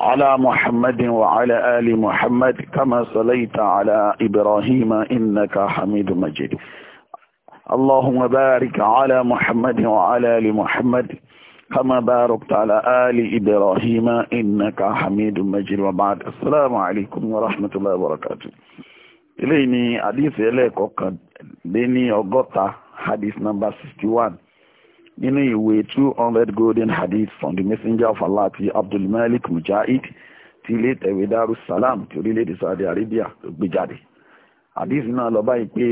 على محمد وعلى آل محمد كما صليت على إبراهيم إنك حميد مجيد اللهم بارك على محمد وعلى آل محمد كما باركت على آل إبراهيم إنك حميد مجيد وبعد السلام عليكم ورحمة الله وبركاته إليني حديث إليك وقد ديني أغطى حديث نمبر 61 nínú ìwé 200 golden hadith from the messenger of allah ti abdulmalik mujahid ti ilé ìtẹ̀wé darussalam ti orílẹ̀-èdè saudi arabia ló gbé jáde hadith náà lọ báyìí pé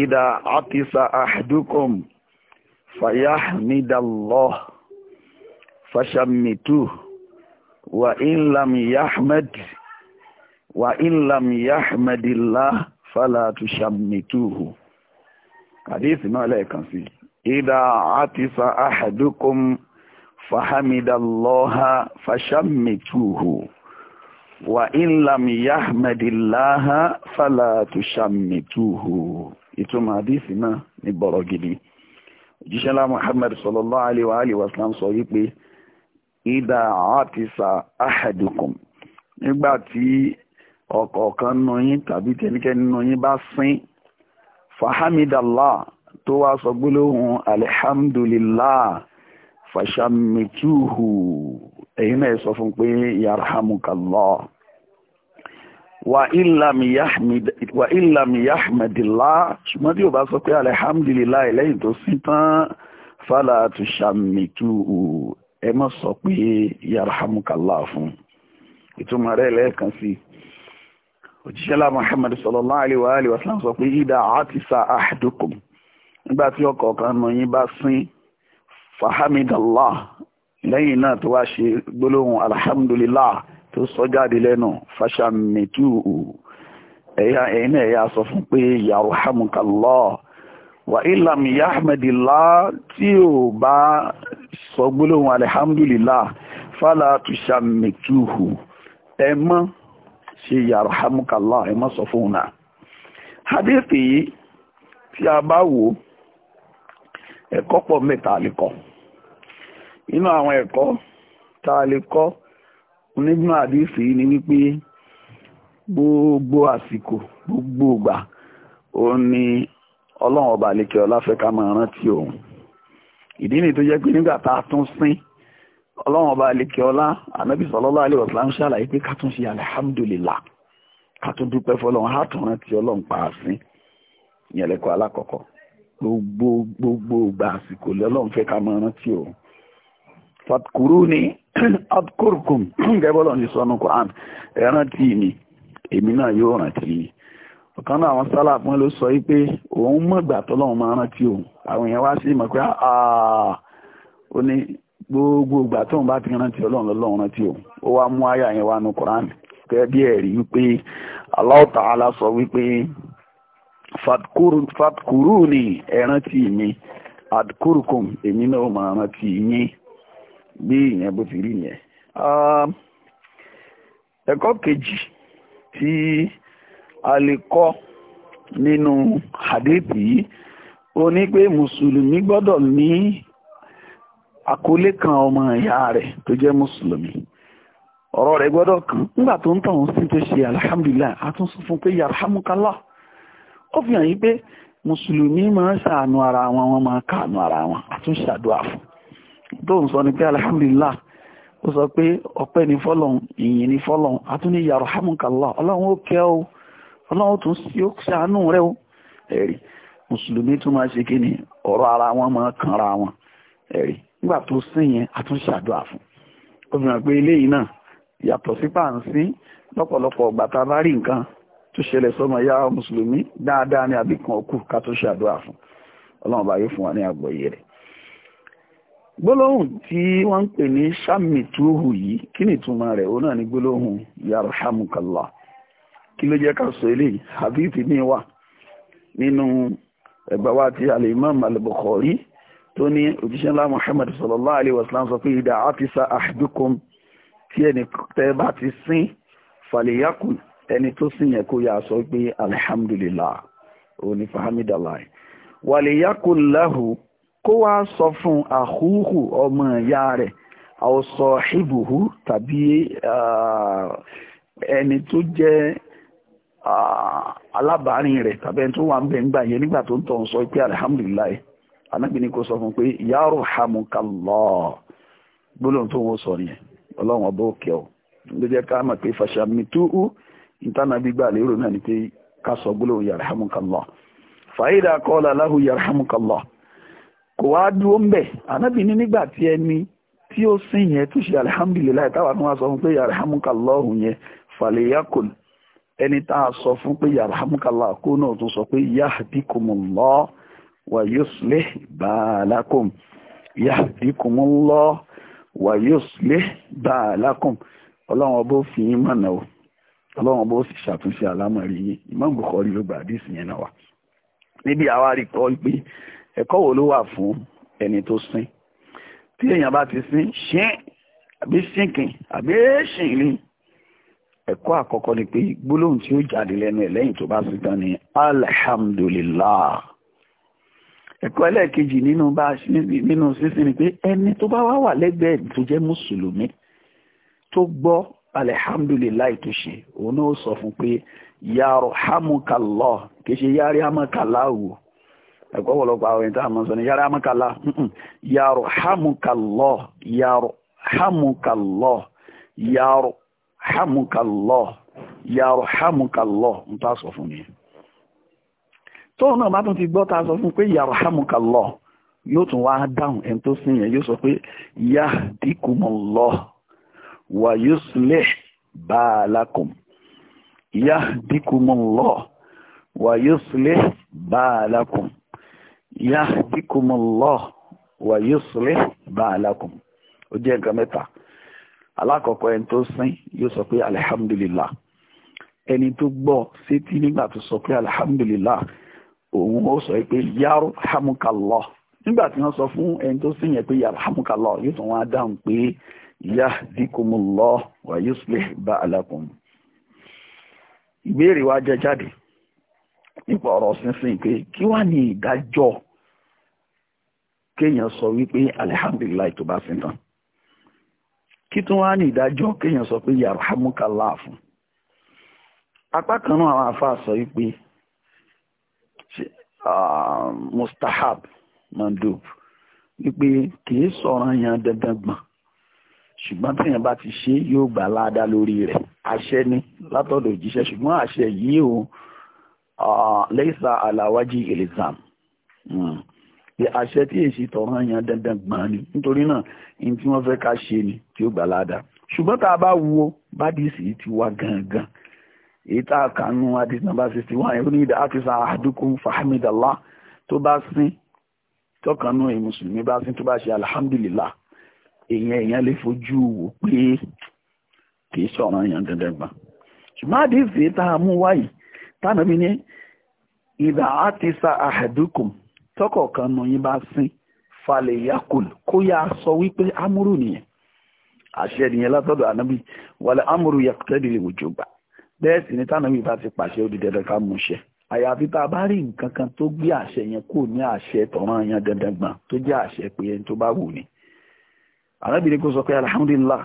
ìdá atisa ahdukum fayahmidallah fashamitu wa in lam yahmed wa in lam yahmedillah fala tushammituhu hadith náà lẹ́ẹ̀kan sí i. إذا عطس أحدكم فحمد الله فشمتوه وإن لم يحمد الله فلا تشمتوه ìtumọ̀ àdísì náà ní bọ̀rọ̀ gidi òjíṣẹ́ lá Muhammad sallallahu alaihi wa alihi wasallam sọ wípé ìdá àtìsà ahadukum nígbà tí ọ̀kọ̀ọ̀kan nù yín tàbí tẹnikẹ́ni nù yín bá sín fahamidallah tó wá sọ gbólóhùn alihamdulillah fàṣàmìtúhù ẹ̀yin náà sọ fún pé yarhamukallah wa illam yahmadillah ṣùgbọ́n tí o bá sọ pé alihamdulillah lẹ́yìn tó sí tán fàlà tuṣàmìtúhù ẹ má sọ pé yarhamukallah fún ìtumọ̀ rẹ̀ lẹ́ẹ̀kan sí òjíṣẹ́lá muhammad sallallahu alaihi wa sallam sọ pé ìdá àtìsá ahdukum nígbà tí ọkọ̀ kan nù yín bá sín fahamidallah lẹ́yìn náà tó wá ṣe gbólóhùn alhamdulillah tó sọ jáde lẹ́nu fàṣàmìtú ẹ̀yà ẹ̀yìn náà ẹ̀yà sọ fún pé yarhamukallah wà ilam yahmadillah tí ò bá sọ gbólóhùn alhamdulillah fàlà tùṣàmìtú ẹ mọ́ ṣe yarhamukallah ẹ mọ́ sọ fún un náà hadithi yìí tí a bá wò ó ẹ̀kọ́ pọ̀ mẹ́ta lè kọ́ inú àwọn ẹ̀kọ́ tá a lè kọ́ onígbọ́n àdìsí ni wípé gbogbo àsìkò gbogbo ìgbà òun ni ọlọ́run ọba àlekẹ́ ọláfẹ́ká máa rántí òun ìdí nìyí tó jẹ́ pé nígbà tá a tún sín ọlọ́run ọba àlekẹ́ ọlá ànábì sallallahu alaihi wasallam ń ṣàlàyé pé ká tún ṣe alhamdulillah ká tún dúpẹ́ fọlọ́run á tún rántí ọlọ́run pa á sín ìyẹn lẹ́kọ̀ọ́ alákọ̀ọ́kọ́ gbogbo gbogbo ìgbà àsìkò lọ́lọ́run fẹ́ ká máa rántí o fàtkúrú ni adkúrkùn gẹ́bọ́lọ̀ ní sọ́nù Quran ẹ rántí mi èmi náà yóò rántí mi ọ̀kan náà àwọn sálàpù ló sọ wípé òun mọ̀gbà tọ́lọ́run máa rántí òun àwọn èèyàn wá sí mọ̀ pé àà ó ní gbogbo ìgbà tóun bá ti rántí ọlọ́run lọ́lọ́run rántí òun ó wá mú àyà yẹn wá nu Quran gẹ́gẹ́ ẹ̀rí wípé Allah Ta'ala sọ wípé fàtkúrúni ẹ mi adkúrúkùn èmi náà máa ti yín bí ìyẹn bó ti rí yẹn. ẹ̀kọ́ kejì tí a lè kọ́ nínú hadithi yìí ó ní pé mùsùlùmí gbọ́dọ̀ ní kan ọmọ ìyá rẹ̀ tó jẹ́ mùsùlùmí ọ̀rọ̀ rẹ̀ gbọ́dọ̀ kan nígbà tó ń tàn sí tó ṣe alhamdulillah a tún sọ fún pé hamukala ó fi hàn yí pé mùsùlùmí máa ń ṣàánú ara wọn wọn máa káànú ara wọn atụ àdúrà fún tó ń sọ ni pé alhamdulillah ó sọ pé ọpẹ ni fọ́lọ̀n ìyìn ni fọ́lọ̀n àtúnni yàrá hamukallah ọlọ́run ó kẹ́ o ọlọ́run tún sí ó ṣàánú rẹ o ẹ̀rí mùsùlùmí tún máa ṣe kíni ara wọn máa wọn nígbà tó yẹn fún ó fi hàn pé eléyìí náà yàtọ̀ sí pàǹsí lọ́pọ̀lọpọ̀ tó ṣẹlẹ̀ sọ́mọ ìyá mùsùlùmí dáadáa ní àbíkan ọkù ká tó ṣàdúrà fún ọlọ́run bá yóò fún wa ní àgbọ́yé rẹ̀ gbólóhùn tí wọ́n ń pè ní sàmìtúhù yìí kí ni ìtumọ̀ rẹ̀ òun náà ni gbólóhùn yarhamukallah kí ló jẹ́ ká sọ eléyìí hadithi ní wà nínú ẹgbà wa ti al-imam al-bukhari tó ní òjíṣẹ́ ńlá muhammad sallallahu alayhi wa sallam sọ pé ìdá àtìsá ahdukum tí ẹni tẹ́ bá ti sín fàlẹ́yàkùn ẹni tó sì yẹn kó yà sọ pé alihamdulillah òní fahamidallah wàlíyàkùnláhù kó wá sọ fún àhúhù ọmọ ìyá rẹ àwòsọ ìbùhù tàbí ẹni tó alábàárin tàbí ẹni tó wà ń bẹ̀ ń yẹn nígbà tó ń tọ̀ sọ pé alihamdulillah sọ fún pé yarhamukallah gbólóhùn tó wọ́n sọ nìyẹn ọlọ́run ọba òkè ló ìtànàbí gbà lérò náà ni pé ká sọ gbólóhùn yarhamukallah fàyídà kọ́ọ̀lá lahu yarhamukallah kò wá dúró ń bẹ̀ ànábì ní nígbà tí ẹni tí ó sìn yẹn tó ṣe alihamudulilayi táwa tún wá sọ fún pé yarhamukallah yẹn fàlẹ́yàkùn ẹni tá a sọ fún pé yarhamukallah kó náà tún sọ pé yahdikumullah wa yuslih baalakum yahdikumullah wa yuslih baalakum ọlọ́run ọbọ̀ fi yín mọ̀nà o ọlọ́run bó sì ṣàtúnṣe àlámọ̀rí yín Imam Bukhari ló gba àdísì yẹn náà wá níbi àwa rí kọ́ pé ẹ̀kọ́ wo ló wà fún ẹni tó sín tí èèyàn bá ti sín ṣín àbí sínkìn àbí ṣìn ní ẹ̀kọ́ àkọ́kọ́ ni pé gbólóhùn tí ó jáde lẹ́nu ẹ̀ lẹ́yìn tó bá sín tán ni alhamdulillah ẹ̀kọ́ ẹlẹ́ẹ̀kejì nínú bá nínú sísìn ni pé ẹni tó bá wà wà lẹ́gbẹ̀ẹ́ tó jẹ́ mùsùlùmí tó gbọ́ alihamdulilayi tó ṣe òun náà sọ fún pé yàrá hamukalọ kì yàrá hamukalá wò ẹ̀kọ́ àwọn ìta àmọ́ sọ ni yàrá hamukalá yàrá hamukalọ yàrá yàrá yàrá ń tà sọ mi. ta sọ fún pé yàrá yóò tún wá dáhùn tó sìn yẹn yóò sọ wa yuslih baalakum yahdikumullah wa yuslih baalakum yahdikumullah wa yuslih baalakum ó jẹ́ nǹkan mẹ́ta alákọ̀ọ́kọ́ ẹni tó sin yóò sọ pé alihamdulillah ẹni tó gbọ́ sétí nígbà tó sọ pé alihamdulillah òun ó sọ pé yarhamukallah nígbà tí wọ́n sọ fún ẹni tó sin yẹn pé yarhamukallah yóò tún wá dáhùn pé ya wa yuslih wa jẹ jáde nípa ọ̀rọ̀ sínsìn pé kí wá ní ìdájọ́ kéèyàn sọ wípé alihamdulilayi tó bá kí tún wá ní ìdájọ́ kéèyàn sọ pé fún apá kan náà àwọn sọ wípé mustahab mandub wípé kì í sọ̀rọ̀ yan dandan ṣùgbọ́n téèyàn bá ti ṣe yóò gbà láadá lórí rẹ̀ àṣẹ ni látọ̀dọ̀ òjíṣẹ́ ṣùgbọ́n àṣẹ yìí ò lẹ́sà àlàwájì ìlẹ̀sàm pé àṣẹ tí èsì tọ̀ràn yan dandan gbọ̀n ni nítorí náà ní tí wọ́n fẹ́ ká ṣe ni tí ó gbà láadá ṣùgbọ́n tá a bá wo bádìsì ti wá gangan èyí tá a kà nú adis number sixty one ẹ̀rọ ní àfisà àdúkùn fahmidallah tó bá sín tọkànnú ìmùsùlùmí bá sín tó bá ṣe alhamdulillah èèyàn èèyàn lè fojú wò pé kì í sọ̀rọ̀ èèyàn dandan gbà ṣùgbọ́n àdìsí tá a mú wáyé tánà mi ní ìdá àti sa àhẹ̀dùkùn tọkọ̀ọ̀kan nù yín bá sín falẹ̀ yakul kó yá sọ wípé amúrù nìyẹn àṣẹ nìyẹn látọ̀dọ̀ ànábì wàlẹ̀ amúrù yàtọ̀dì lè wòjò gbà bẹ́ẹ̀ sì ni tánàbì bá ti pàṣẹ ó di dandan ká mú ṣẹ àyàfi tá a bá rí nǹkan kan tó gbé àṣẹ yẹn kò ní àṣẹ tọ̀ràn yẹn dandan gbọ̀n tó jẹ́ àṣẹ pé ẹni tó bá wù ni arábìnrin kò sọ pé alhamdulillah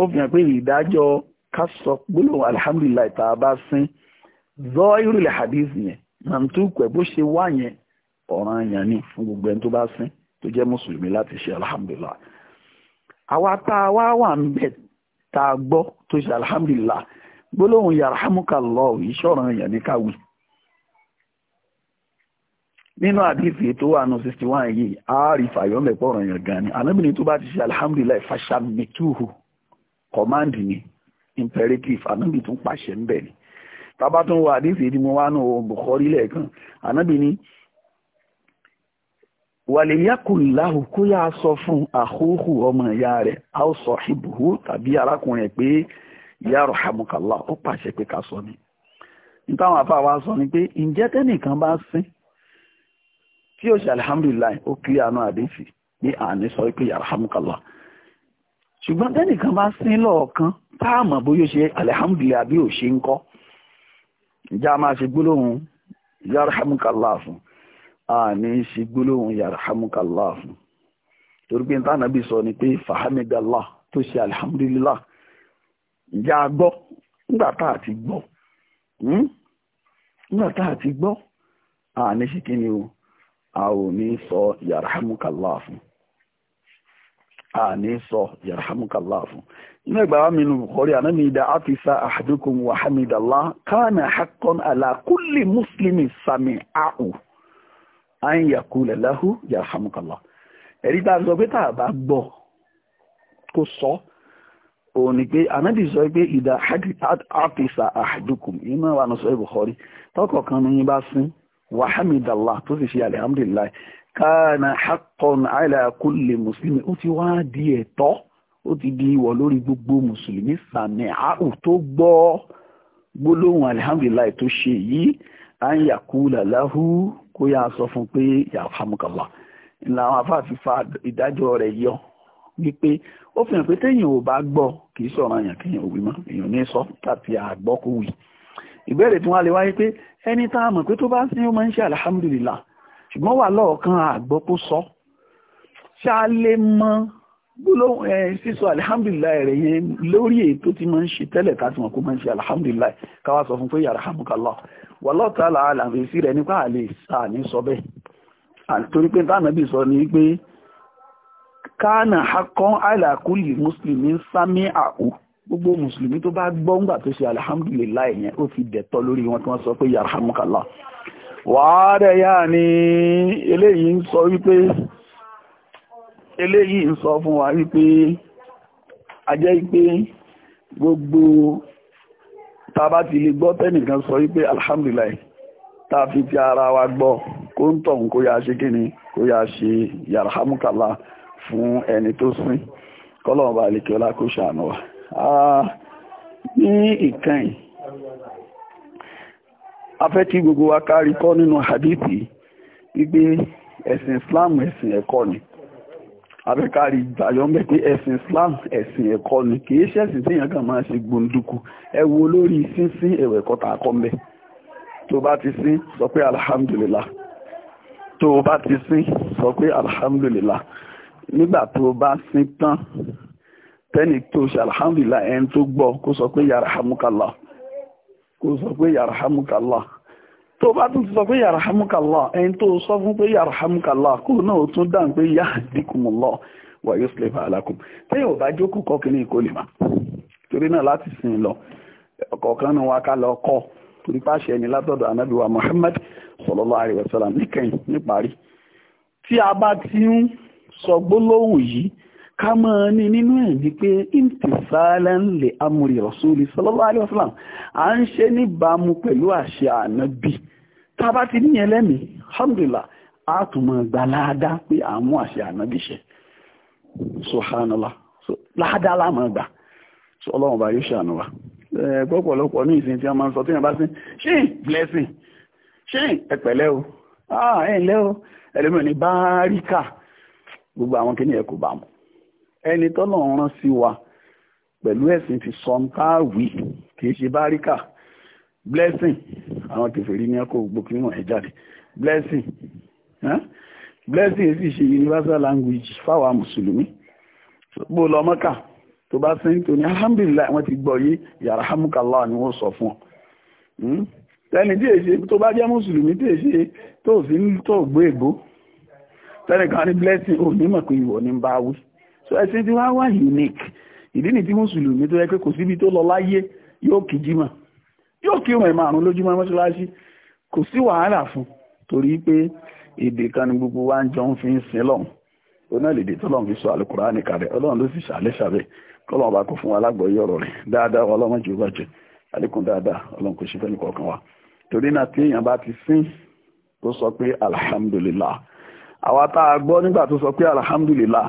ó fi hàn pé ìdájọ́ ká sọ gbólóhùn alhamdulillah tá a bá sín zọ irúlẹ̀ hadith yẹn nàǹtúkù ẹ̀ bó ṣe wá yẹn ọ̀ràn yẹn ni fún gbogbo ẹni tó bá sín tó jẹ́ mùsùlùmí láti ṣe alhamdulillah àwa tá a wá wà ń bẹ̀ tá a gbọ́ tó ṣe alhamdulillah gbólóhùn yarhamukallah ìṣọ̀ràn yẹn ni káwí nínú àdífì tó wà ní 61 yìí ààrí fàyọ́mẹ̀ pọ̀rọ̀ èèyàn gan ni anábìnrin tó bá ti ṣe alhamdulillah fàṣàmìtúhù command ni imperative anábì tún pàṣẹ ń bẹ̀ ni tábà tún wà àdífì tí mo wá ní ohun Bukhari lẹ́ẹ̀kan anábìnrin wàlẹ̀yàkùnláhù kó yá sọ fún àhóhù ọmọ ìyá rẹ̀ a ó sọ ìbùhù tàbí arákùnrin pé ìyá rahamukallah ó pàṣẹ pé ká sọ ni nítawọn afáwa sọ ni pé ǹjẹ́ tẹ́nìkan bá sín tí ó ṣe alhamdulillah ó kiri àánú àdéfì ní àní sọ pé alhamdulillah ṣùgbọ́n tẹ́nìkan bá sín lọ́ọ̀kan táàmọ̀ bóyá ṣe alhamdulillah bí ò ṣe ń kọ́ ìjà máa ṣe gbólóhùn yarhamukallah fún àní ṣe gbólóhùn yarhamukallah fún torí pé táwọn àbí sọ ni pé fahamidallah tó ṣe alhamdulillah ìjà gbọ́ nígbà tá a ti gbọ́ hmm? nígbà tá a a ò ní sọ yarhamukallah fún a ní sọ yarhamukallah fún inú ẹgbàá mi nù kọrí ànámi ìdá àfisa ahadukum wa hamidallah kana haqqan ala kulli muslimin sami'ahu an yaqula lahu yarhamukallah ẹ̀rí bá sọ pé tàà bá gbọ́ kó sọ òun ni pé anábì sọ pé ìdá àfisa ahadukum wa hamidallah tó sì ṣe alihamdulilayi kana haqqan ala kulli mùsùlùmí ó ti wá di ẹ̀tọ́ ó ti di ìwọ̀ lórí gbogbo mùsùlùmí sàmì àhù tó gbọ́ gbólóhùn alihamdulilayi tó ṣe yìí à ń yàkúlà láhù kó yá sọ fún pé yàhámùkàlá ìlànà àwọn afáàfin fa ìdájọ́ rẹ̀ yọ wípé ó fi hàn pé téèyàn ò bá gbọ́ kì í sọ̀rọ̀ àyàn kéèyàn ò wí mọ́ èèyàn ní sọ tàbí àgbọ́kùwì ìbéèrè tí wọ́n lè wáyé pé ẹni tá a mọ̀ pé tó bá sí ó máa ń ṣe alhamdulillah ṣùgbọ́n wà lọ́ọ̀kan àgbọ́ kó sọ ṣá lè mọ gbólóhùn ẹ sísọ alhamdulillah rẹ̀ yẹn lórí ètò tí máa ń ṣe tẹ́lẹ̀ ká ti mọ̀ kó máa ń ṣe alhamdulillah káwá sọ fún pé yarhamukallah wallahu ta'ala àlàǹfẹ̀ sí rẹ̀ nípa àlè sáàní sọ bẹ́ẹ̀ torí pé tánàbì sọ ni pé kánà haqqan ala kulli muslimin sami'ahu gbogbo mùsùlùmí tó bá gbọ́ ńgbà tó ṣe alhamdulillah yẹn ó fi dẹ̀tọ́ lórí wọn tí wọ́n sọ pé yarhamukallah wàádẹ̀ yá ni eléyìí ń sọ wípé eléyìí ń sọ fún wa wípé ajẹ́ wípé gbogbo tàbá ti lè gbọ́ tẹ́nìkan sọ wípé alhamdulillah tá a fi ti ara wa gbọ́ kó ń tọ̀hún kó yá ṣe kíni kó yá ṣe yarhamukallah fún ẹni tó sin kọ́lọ̀ ọba àlekẹ́ọ́lá kó ṣàánú wa ní ìkẹyìn afẹ́ tí gbogbo wa kárí kọ́ nínú hadithi wípé ẹ̀sìn Islam ẹ̀sìn ẹ̀kọ́ ni afẹ́kárí ìgbàyọ́ mẹ́ pé ẹ̀sìn Islam ẹ̀sìn ẹ̀kọ́ ni kìí ṣẹ̀sìn tí èèyàn kàn máa ṣe gbòǹdùkú ẹ wo lórí sínsín ẹ̀wẹ̀ ẹ̀kọ́ tá a kọ́ mẹ́ tó bá ti sín sọ pé alhamdulillah tó bá ti sín sọ pé alhamdulillah nígbà tó bá sín tán tẹ́ni tó ṣe alhamdulillah ẹni tó gbọ́ kó sọ pé yarhamukallah kó sọ pé yarhamukallah tó bá tún ti sọ pé yarhamukallah ẹni tó sọ fún pé yarhamukallah kó náà tún dáhùn pé yahdikumullah wa yuslih balakum tẹ́yìn ò bá jókòó kọ́ kínní kò lè má torí náà láti sìn lọ ọ̀kọ̀ọ̀kan ní wa ká lọ kọ́ torí pàṣẹ ni látọ̀dọ̀ ànábì wa Muhammad sallallahu alaihi wasallam níkẹyìn níparí tí a bá ti ń sọ gbólóhùn yìí ká máa ní nínú ẹ̀ ní pé imtisalan li amri rasuli sallallahu alaihi wasallam à ń ṣe níbàámu pẹ̀lú àṣẹ ànábì tá a bá ti níyẹn lẹ́mìí alhamdulillah a tún máa gba láàdá pé à ń mú àṣẹ ànábì ṣe subhanallah láàdá la máa gbà ọlọ́run bá yóò ṣàánú wa pọ́pọ̀lọpọ̀ ní ìsìn tí a máa ń sọ tí blessing ṣe ẹ̀pẹ̀lẹ́ o ah ẹ̀lẹ́ o ẹlẹ́mìí ní báríkà gbogbo àwọn kìíní ẹ̀ kò bá mu ẹni tọ́nà rán sí wa pẹ̀lú ẹ̀sìn ti sọ ń tá ṣe báríkà blessing àwọn kèfèrí ní ọkọ̀ gbogbo kí wọ́n ẹ̀ jáde blessing blessing sì ṣe universal language fáwa mùsùlùmí bó lọ mọ́kà tó bá sẹ́yìn tó ní alhamdulillah wọ́n ti gbọ́ yé yarhamukallah ni wọ́n sọ fún ọ hmm? tẹ́ni tí èṣe tó bá jẹ́ mùsùlùmí tí èṣe tó sí tó gbé ègbó tẹ́nìkan ní blessing ò ní mọ̀ pé ìwọ ní bá wí so ẹ̀sìn tí wá wà unique ìdí ni tí mùsùlùmí tó yẹ pé kò síbi tó lọ láyé yóò kí jímọ̀ yóò kí ìwọ̀n ìmọ̀-àrún lójúmọ́ mọ́ṣáláṣí kò sí wàhálà fún torí pé èdè kan ni gbogbo wa ń jọ ń fi ń sin lọ́hùn onálédè tó lọ́hùn fi sọ àlùkùránì kalẹ̀ ọlọ́run ló sì ṣàlẹ́ ṣàbẹ̀ kọ́lọ́run ọba kò fún wa lágbọ̀ọ́yé ọ̀rọ̀ rẹ̀ dáadáa ọlọ́run jù bàjẹ́ àlékún dáadáa ọlọ́run kò ṣe fẹ́ nìkọ̀ọ̀kan wa torí náà tí èèyàn bá ti sín tó sọ pé alhamdulillah àwa tá a gbọ́ nígbà tó sọ pé alhamdulillah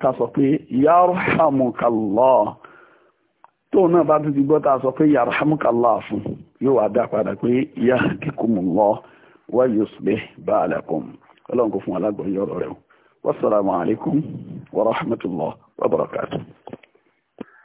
ká sọ pé yarhamukallah tóun náà bá tún ti gbọ́ tá a sọ pé yarhamukallah fún yóò wá dá padà pé yahdikumullah wa yuslih balakum ọlọ́run kò fún alágbọ̀nyọ́rọ̀ rẹ̀ wassalamu alaikum wa rahmatullah wa barakatuh.